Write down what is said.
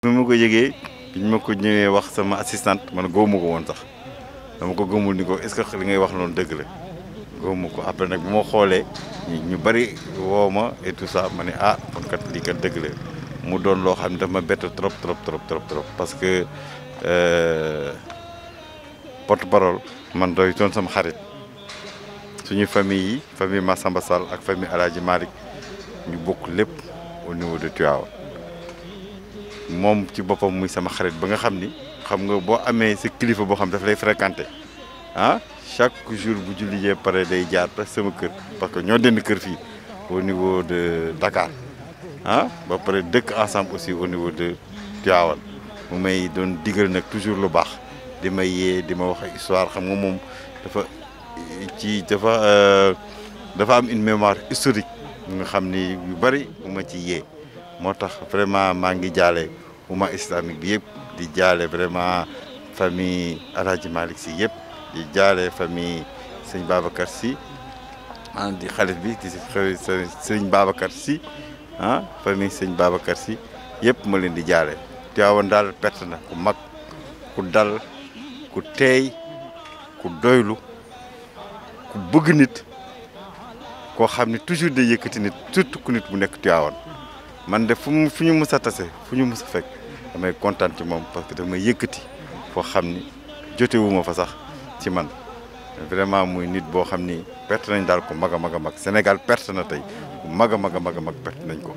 bi ma ko yëgee biñ ko ñëwee wax sama assistante man góomu ko woon sax dama ko gëmul ni ko est-ce que li ngay wax noonu dëgg la góomu ko après nag bu ma ñu bari woma ma et tout ça ma ah kon kat lii kat dëgg la mu trop trop trop trop trop parce que euh, porte-parole man doy doon sama xarit suñu famille yi famille Massamba Sall ak famille El Hadji Malick ñu bokk lépp au niveau de moom ci boppam muy sama xarit ba nga xam ni xam nga boo amee sa kilifa boo xam dafa lay fréquenté ah chaque jour bu julli jee pare day jaar presque sama kër parce que ñoo dend kër fii au niveau de dakaar ah ba pare dëkk ensemble aussi au niveau de Tivaouane mu may doon digal nag toujours lu baax di ma yee di ma wax histoire xam nga moom dafa ci dafa euh, dafa am une mémoire historique nga xam ni yu bari mu ma ci yee. moo tax vraiment maa ngi jaale umma islamique bi yëpp di jaale vraiment famille El Hadj si Sy yëpp di jaale famille sëñ Babacar Sy ah di xalif bi di sëñ Babacar Sy ah famille sëñ Babacar Sy yëpp ma leen di jaale Tiwaawan daal perte na ku mag ku dal ku teey ku doylu ku bëgg nit koo xam ni toujours de yëkkati nit surtout ku nit bu nekk Tiwaawan man def fu mu fu ñu mës a tase fu ñu mësa fekk damay kontaan ci moom parce que daf may yëkkati foo xam ni jotewuma fa sax ci man vraiment muy nit boo xam ni perte nañ daal ko mag a mag a mag Sénégal perte na tey mag a mag a mag a mag perte nañ ko.